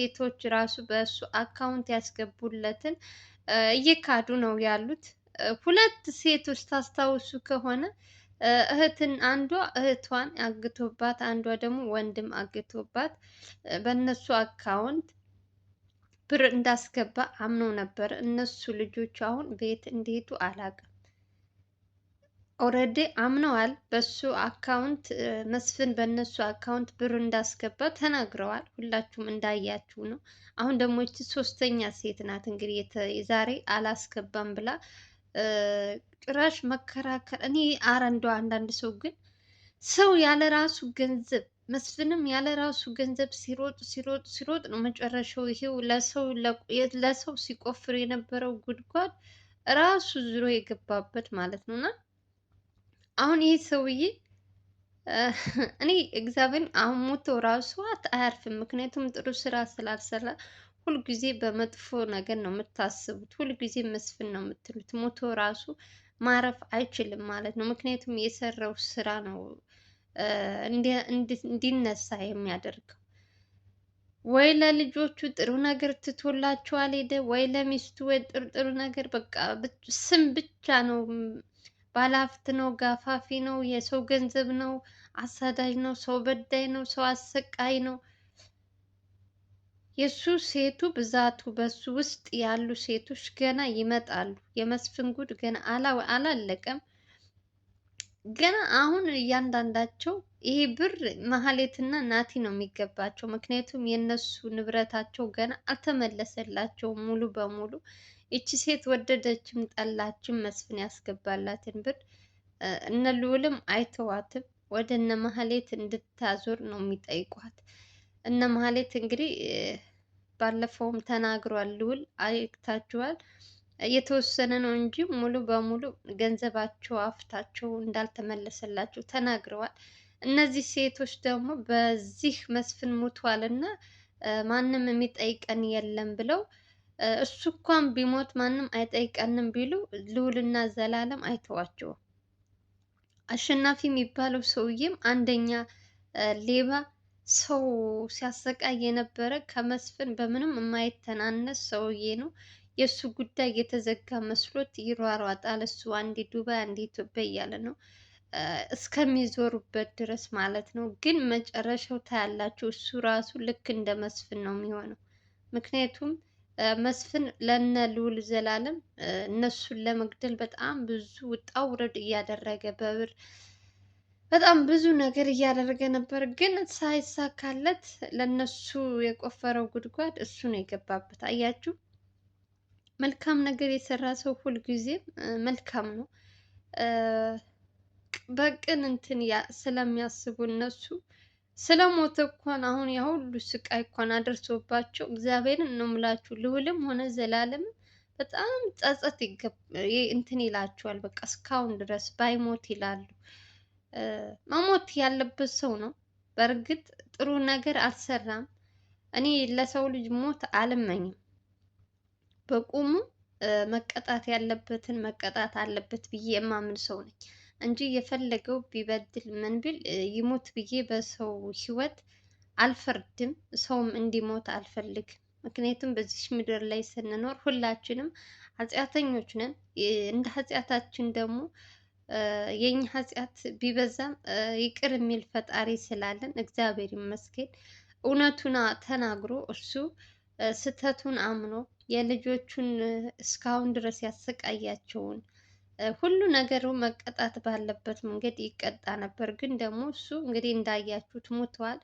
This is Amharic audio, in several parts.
ሴቶች ራሱ በእሱ አካውንት ያስገቡለትን እየካዱ ነው ያሉት። ሁለት ሴቶች ታስታውሱ ከሆነ እህትን አንዷ እህቷን አግቶባት፣ አንዷ ደግሞ ወንድም አግቶባት በእነሱ አካውንት ብር እንዳስገባ አምኖ ነበር። እነሱ ልጆች አሁን ቤት እንዲሄዱ አላውቅም። ኦልሬዲ አምነዋል። በሱ አካውንት መስፍን በነሱ አካውንት ብር እንዳስገባ ተናግረዋል። ሁላችሁም እንዳያችሁ ነው። አሁን ደግሞ ይቺ ሶስተኛ ሴት ናት እንግዲህ የዛሬ አላስገባም ብላ ጭራሽ መከራከር። እኔ አረ እንደው አንዳንድ ሰው ግን ሰው ያለ ራሱ ገንዘብ መስፍንም ያለ ራሱ ገንዘብ ሲሮጥ ሲሮጥ ሲሮጥ ነው መጨረሻው ይሄው ለሰው ሲቆፍር የነበረው ጉድጓድ ራሱ ዝሮ የገባበት ማለት ነው እና አሁን ይህ ሰውዬ እኔ እግዚአብሔር አሁን ሞቶ ራሱ አያርፍም። ምክንያቱም ጥሩ ስራ ስላልሰራ ሁልጊዜ በመጥፎ ነገር ነው የምታስቡት። ሁልጊዜ መስፍን ነው የምትሉት። ሞቶ ራሱ ማረፍ አይችልም ማለት ነው። ምክንያቱም የሰራው ስራ ነው እንዲነሳ የሚያደርገው። ወይ ለልጆቹ ጥሩ ነገር ትቶላቸዋል ሄደ፣ ወይ ለሚስቱ ወይ ጥሩ ጥሩ ነገር በቃ ስም ብቻ ነው ባለሀብት ነው፣ ጋፋፊ ነው፣ የሰው ገንዘብ ነው፣ አሳዳጅ ነው፣ ሰው በዳይ ነው፣ ሰው አሰቃይ ነው። የሱ ሴቱ ብዛቱ በሱ ውስጥ ያሉ ሴቶች ገና ይመጣሉ። የመስፍን ጉድ ገና አላለቀም። ገና አሁን እያንዳንዳቸው ይሄ ብር መሀሌትና ናቲ ነው የሚገባቸው። ምክንያቱም የነሱ ንብረታቸው ገና አልተመለሰላቸውም ሙሉ በሙሉ እቺ ሴት ወደደችም ጠላችም መስፍን ያስገባላትን ብር እነ ልዑልም አይተዋትም። ወደ እነ ማህሌት እንድታዞር ነው የሚጠይቋት። እነ ማህሌት እንግዲህ ባለፈውም ተናግሯል። ልዑል አይታችኋል። የተወሰነ ነው እንጂ ሙሉ በሙሉ ገንዘባቸው አፍታቸው እንዳልተመለሰላቸው ተናግረዋል። እነዚህ ሴቶች ደግሞ በዚህ መስፍን ሙቷልና ማንም የሚጠይቀን የለም ብለው እሱ እንኳን ቢሞት ማንም አይጠይቀንም ቢሉ ልዑልና ዘላለም አይተዋቸውም። አሸናፊ የሚባለው ሰውዬም አንደኛ ሌባ ሰው ሲያሰቃይ የነበረ ከመስፍን በምንም የማይተናነስ ሰውዬ ነው። የእሱ ጉዳይ የተዘጋ መስሎት ይሯሯጣል። እሱ አንዴ ዱባይ አንዴ ኢትዮጵያ እያለ ነው እስከሚዞሩበት ድረስ ማለት ነው። ግን መጨረሻው ታያላችሁ። እሱ ራሱ ልክ እንደ መስፍን ነው የሚሆነው። ምክንያቱም መስፍን ለነ ልዑል ዘላለም እነሱን ለመግደል በጣም ብዙ ውጣ ውረድ እያደረገ በብር በጣም ብዙ ነገር እያደረገ ነበር። ግን ሳይሳካለት ለነሱ የቆፈረው ጉድጓድ እሱ ነው የገባበት። አያችሁ፣ መልካም ነገር የሰራ ሰው ሁልጊዜም መልካም ነው። በቅን እንትን ስለሚያስቡ እነሱ ስለ ሞተ አሁን የሁሉ ስቃይ እኳን አደርሶባቸው እግዚአብሔርን ነው ልውልም ሆነ ዘላለም በጣም ጸጸት እንትን ይላችኋል። በቃ እስካሁን ድረስ ባይሞት ይላሉ። መሞት ያለበት ሰው ነው። በእርግጥ ጥሩ ነገር አልሰራም። እኔ ለሰው ልጅ ሞት አልመኝም። በቁሙ መቀጣት ያለበትን መቀጣት አለበት ብዬ የማምን ሰው ነኝ። እንጂ የፈለገው ቢበድል ምን ቢል ይሞት ብዬ በሰው ህይወት አልፈርድም። ሰውም እንዲሞት አልፈልግም። ምክንያቱም በዚህ ምድር ላይ ስንኖር ሁላችንም ኃጢአተኞች ነን። እንደ ኃጢአታችን ደግሞ የኛ ኃጢአት ቢበዛም ይቅር የሚል ፈጣሪ ስላለን እግዚአብሔር ይመስገን። እውነቱን ተናግሮ እርሱ ስህተቱን አምኖ የልጆቹን እስካሁን ድረስ ያሰቃያቸውን ሁሉ ነገሩ መቀጣት ባለበት መንገድ ይቀጣ ነበር። ግን ደግሞ እሱ እንግዲህ እንዳያችሁት ሞተዋል።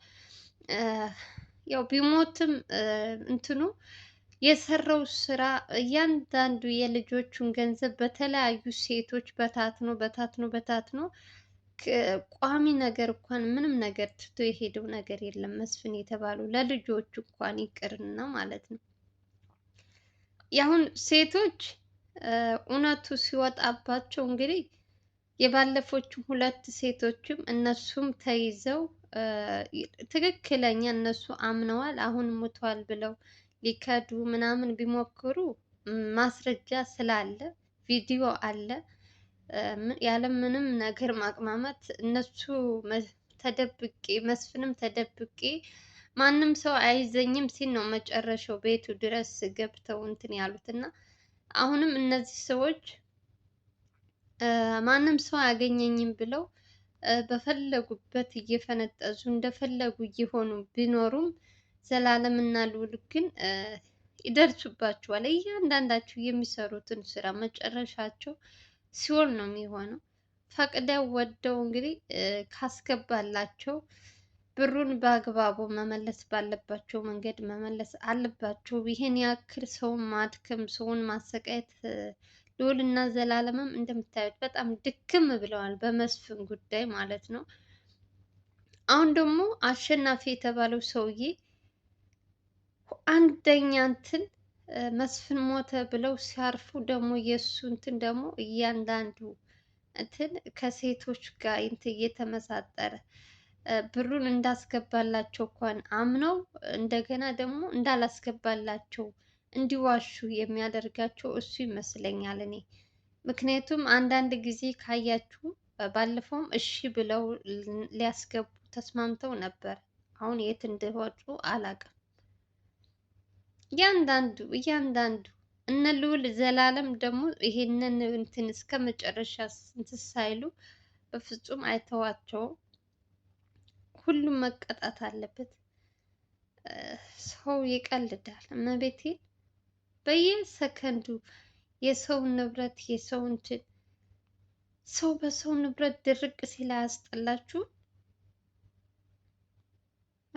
ያው ቢሞትም እንትኑ የሰራው ስራ እያንዳንዱ የልጆቹን ገንዘብ በተለያዩ ሴቶች በታትኖ በታትኖ በታትኖ ቋሚ ነገር እንኳን ምንም ነገር ትቶ የሄደው ነገር የለም። መስፍን የተባሉ ለልጆቹ እንኳን ይቅርና ማለት ነው ያሁን ሴቶች እውነቱ ሲወጣባቸው እንግዲህ የባለፎቹ ሁለት ሴቶችም እነሱም ተይዘው ትክክለኛ እነሱ አምነዋል አሁን ሙቷል ብለው ሊከዱ ምናምን ቢሞክሩ ማስረጃ ስላለ ቪዲዮ አለ። ያለ ምንም ነገር ማቅማማት እነሱ ተደብቄ መስፍንም ተደብቄ ማንም ሰው አይዘኝም ሲል ነው መጨረሻው ቤቱ ድረስ ገብተው እንትን ያሉት እና አሁንም እነዚህ ሰዎች ማንም ሰው አያገኘኝም ብለው በፈለጉበት እየፈነጠዙ እንደፈለጉ እየሆኑ ቢኖሩም ዘላለም እና ልዑል ግን ይደርሱባቸዋል። እያንዳንዳቸው የሚሰሩትን ስራ መጨረሻቸው ሲኦል ነው የሚሆነው። ፈቅደው ወደው እንግዲህ ካስገባላቸው ብሩን በአግባቡ መመለስ ባለባቸው መንገድ መመለስ አለባቸው። ይህን ያክል ሰውን ማድከም፣ ሰውን ማሰቃየት ልዑል እና ዘላለምም እንደምታዩት በጣም ድክም ብለዋል፣ በመስፍን ጉዳይ ማለት ነው። አሁን ደግሞ አሸናፊ የተባለው ሰውዬ አንደኛ እንትን መስፍን ሞተ ብለው ሲያርፉ ደግሞ የእሱ እንትን ደግሞ እያንዳንዱ እንትን ከሴቶች ጋር እንትን እየተመሳጠረ ብሩን እንዳስገባላቸው እንኳን አምነው እንደገና ደግሞ እንዳላስገባላቸው እንዲዋሹ የሚያደርጋቸው እሱ ይመስለኛል እኔ። ምክንያቱም አንዳንድ ጊዜ ካያችሁ ባለፈውም እሺ ብለው ሊያስገቡ ተስማምተው ነበር። አሁን የት እንደወጡ አላውቅም። እያንዳንዱ እያንዳንዱ እነ ልዑል ዘላለም ደግሞ ይሄንን እንትን እስከ መጨረሻ እንትን ሳይሉ በፍጹም አይተዋቸውም። ሁሉም መቀጣት አለበት። ሰው ይቀልዳል። እመቤቴ በየሰከንዱ የሰው ንብረት የሰው እንትን ሰው በሰው ንብረት ድርቅ ሲል አያስጠላችሁ?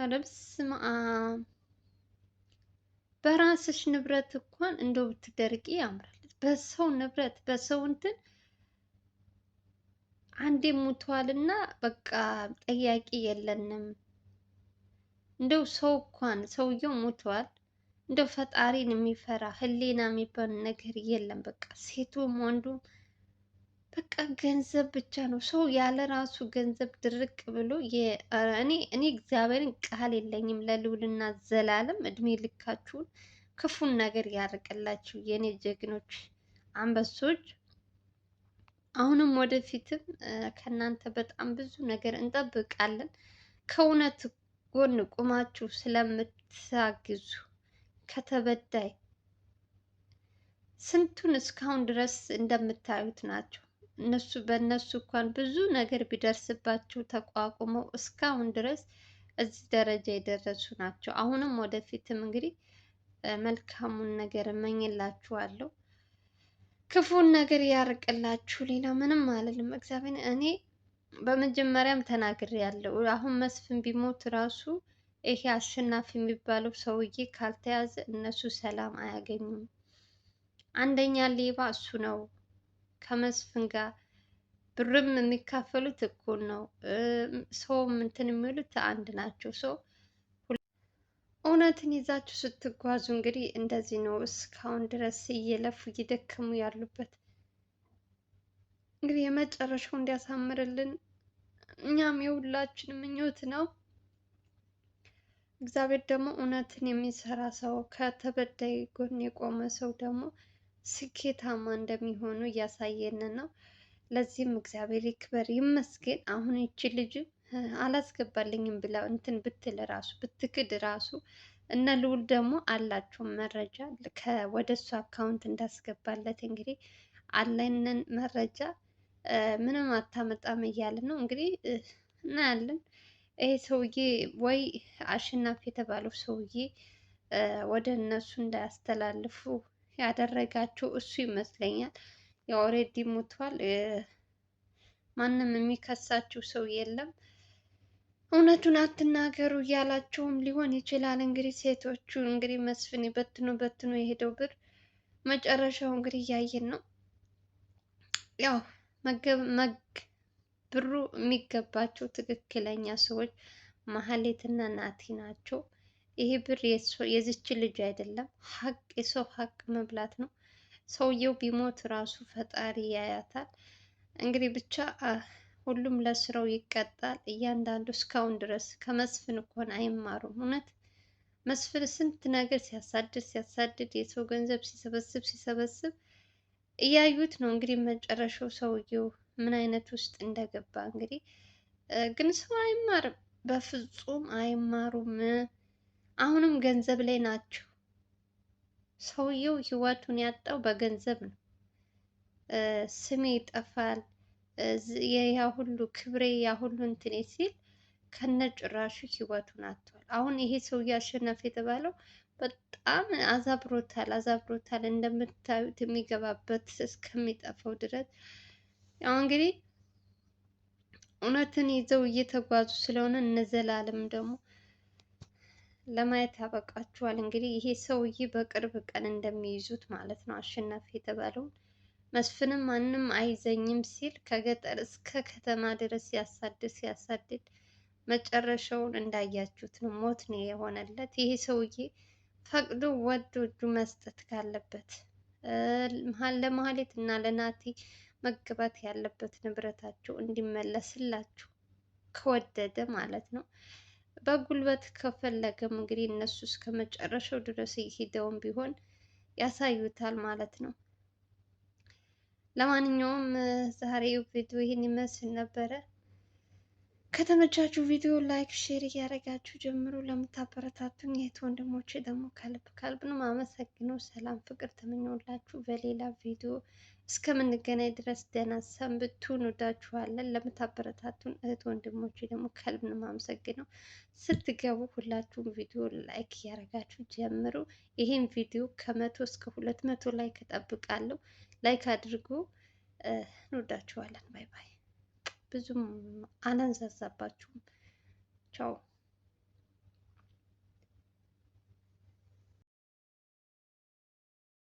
ኧረ በስመ አብ! በራስሽ ንብረት እንኳን እንደው ብትደርቂ ያምራል። በሰው ንብረት በሰው እንትን አንዴ እና በቃ ጠያቂ የለንም። እንደው ሰው እንኳን ሰውየው ሙተዋል። እንደው ፈጣሪን የሚፈራ ህሊና የሚባል ነገር የለም። በቃ ሴቱም ወንዱም በቃ ገንዘብ ብቻ ነው። ሰው ያለ ራሱ ገንዘብ ድርቅ ብሎ እኔ እኔ እግዚአብሔርን ቃል የለኝም ለልዑልና ዘላለም እድሜ ልካችሁን ክፉን ነገር ያርቅላችሁ የእኔ ጀግኖች አንበሶች። አሁንም ወደፊትም ከእናንተ በጣም ብዙ ነገር እንጠብቃለን። ከእውነት ጎን ቁማችሁ ስለምታግዙ ከተበዳይ ስንቱን እስካሁን ድረስ እንደምታዩት ናቸው። እነሱ በእነሱ እንኳን ብዙ ነገር ቢደርስባቸው ተቋቁመው እስካሁን ድረስ እዚህ ደረጃ የደረሱ ናቸው። አሁንም ወደፊትም እንግዲህ መልካሙን ነገር እመኝላችኋለሁ። ክፉን ነገር ያርቅላችሁ። ሌላ ምንም አልልም። እግዚአብሔር እኔ በመጀመሪያም ተናግሬ ያለው አሁን መስፍን ቢሞት ራሱ ይሄ አሸናፊ የሚባለው ሰውዬ ካልተያዘ እነሱ ሰላም አያገኙም። አንደኛ ሌባ እሱ ነው። ከመስፍን ጋር ብርም የሚካፈሉት እኩል ነው። ሰውም እንትን የሚሉት አንድ ናቸው። ሰው እውነትን ይዛችሁ ስትጓዙ እንግዲህ እንደዚህ ነው እስካሁን ድረስ እየለፉ እየደከሙ ያሉበት። እንግዲህ የመጨረሻው እንዲያሳምርልን እኛም የሁላችን ምኞት ነው። እግዚአብሔር ደግሞ እውነትን የሚሰራ ሰው ከተበዳይ ጎን የቆመ ሰው ደግሞ ስኬታማ እንደሚሆኑ እያሳየን ነው። ለዚህም እግዚአብሔር ይክበር ይመስገን። አሁን ይቺ ልጅም አላስገባልኝም ብላ እንትን ብትል ራሱ ብትክድ ራሱ እነ ልውል ደግሞ አላቸው መረጃ ወደ እሱ አካውንት እንዳስገባለት እንግዲህ አለንን መረጃ ምንም አታመጣም እያለ ነው እንግዲህ እናያለን። ይሄ ሰውዬ ወይ አሸናፊ የተባለው ሰውዬ ወደ እነሱ እንዳያስተላልፉ ያደረጋቸው እሱ ይመስለኛል። ያው ኦልሬዲ ሞቷል። ማንም የሚከሳችው ሰው የለም። እውነቱን አትናገሩ እያላቸውም ሊሆን ይችላል። እንግዲህ ሴቶቹ እንግዲህ መስፍን በትኖ በትኖ የሄደው ብር መጨረሻው እንግዲህ እያየን ነው። ያው መግ ብሩ የሚገባቸው ትክክለኛ ሰዎች ማህሌትና ናቲ ናቸው። ይሄ ብር የዚች ልጅ አይደለም፣ ሀቅ የሰው ሀቅ መብላት ነው። ሰውየው ቢሞት ራሱ ፈጣሪ ያያታል። እንግዲህ ብቻ ሁሉም ለስራው ይቀጣል። እያንዳንዱ እስካሁን ድረስ ከመስፍን እኮን አይማሩም። እውነት መስፍን ስንት ነገር ሲያሳድድ ሲያሳድድ የሰው ገንዘብ ሲሰበስብ ሲሰበስብ እያዩት ነው እንግዲህ መጨረሻው ሰውየው ምን አይነት ውስጥ እንደገባ እንግዲህ። ግን ሰው አይማርም፣ በፍጹም አይማሩም። አሁንም ገንዘብ ላይ ናቸው። ሰውየው ህይወቱን ያጣው በገንዘብ ነው። ስሜ ይጠፋል፣ ያ ሁሉ ክብሬ ያ ሁሉ እንትኔ ሲል ከነጭራሹ ህይወቱን አጥቷል። አሁን ይሄ ሰውዬ አሸናፊ የተባለው በጣም አዛብሮታል አዛብሮታል። እንደምታዩት የሚገባበት እስከሚጠፋው ድረስ ያው እንግዲህ እውነትን ይዘው እየተጓዙ ስለሆነ እነዘላለም ደግሞ ለማየት ያበቃችኋል። እንግዲህ ይሄ ሰውዬ በቅርብ ቀን እንደሚይዙት ማለት ነው አሸናፊ የተባለውን መስፍንም ማንም አይዘኝም ሲል ከገጠር እስከ ከተማ ድረስ ሲያሳድድ ሲያሳድድ መጨረሻውን እንዳያችሁት ነው። ሞት ነው የሆነለት። ይሄ ሰውዬ ፈቅዶ ወዶ እጁ መስጠት ካለበት ለማህሌት እና ለናቲ መገባት ያለበት ንብረታቸው እንዲመለስላችሁ ከወደደ ማለት ነው። በጉልበት ከፈለገም እንግዲህ እነሱ እስከ መጨረሻው ድረስ ሄደውም ቢሆን ያሳዩታል ማለት ነው። ለማንኛውም ዛሬው ቪዲዮ ይህን ይመስል ነበረ። ከተመቻችሁ ቪዲዮ ላይክ፣ ሼር እያደረጋችሁ ጀምሮ ለምታበረታቱኝ እህት ወንድሞች ደግሞ ከልብ ከልብ ነው ማመሰግነው። ሰላም ፍቅር ተመኘውላችሁ። በሌላ ቪዲዮ እስከምንገናኝ ድረስ ደህና ሰንብቱ። እንወዳችኋለን። ለምታበረታቱን እህት ወንድሞች ደግሞ ከልብ ነው ማመሰግነው። ስትገቡ ሁላችሁም ቪዲዮ ላይክ እያደረጋችሁ ጀምሩ። ይህን ቪዲዮ ከመቶ እስከ ሁለት መቶ ላይክ እጠብቃለሁ። ላይክ አድርጉ። እንወዳችኋለን። ባይ ባይ። ብዙም አላንዛዛባችሁም። ቻው